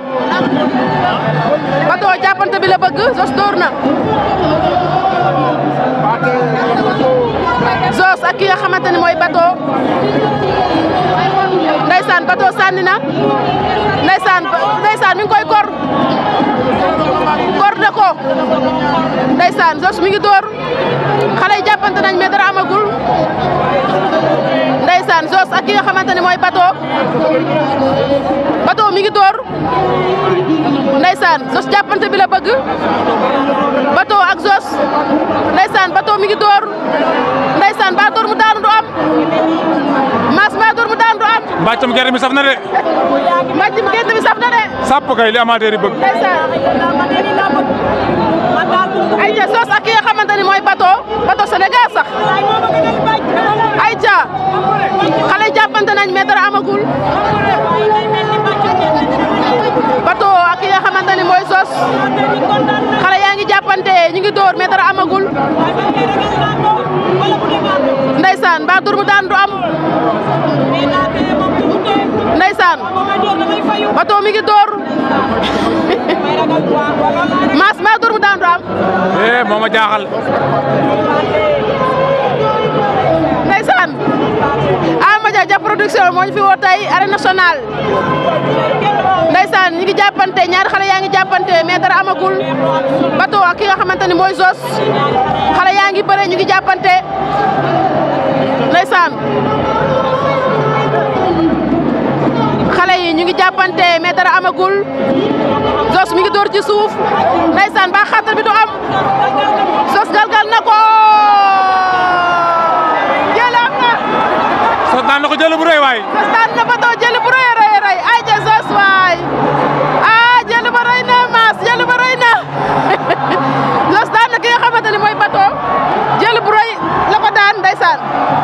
na Bato jàppante bi la bëgg Zoss dóor na Zoss ak ki nga xamante ne mooy Bato ndeysaan Bato sànni na ndeysaan ndeysaan mi ngi koy kor kor na ko ndeysaan Zoss mi ngi dóor xale jàppante nañ mais dara amagul Jos ak ki nga mooy bateau bateau mi ngi dóor ndeysaan Jos jàppante bi la bëgg bateau ak Jos ndeysaan bateau mi ngi dóor ndeysaan ba dóor mu daanu du am maas mu daanu du am. de. mbàccum gerte bi saf na bëgg. neexul bato ak ki nga xamante ni mooy sos xale yaa ngi jàppante ñu ngi dóor mais dara amagul ndeysaan mbaa dóor mu daan du am ndeysaan bato mi ngi dóor maas mbaa dóor mu daan du am eh, moo ma jaaxal ndeysaan Dia production moo ñu fi woo tey arène nationale ndeysaan ñi ngi jàppante ñaari xale yaa ngi jàppante mais dara amagul bato ak ki nga xamante ni mooy Zoss xale yaa ngi bëre ñu ngi jàppante ndeysaan xale yi ñu ngi jàppante mais dara amagul Zoss mi ngi dóor ci suuf ndeysaan ba xatar bi daan na ko jël bu rëy waay. daan na ko jël bu rëy na maas jël ba na los daan na ki nga xamante ne mooy bato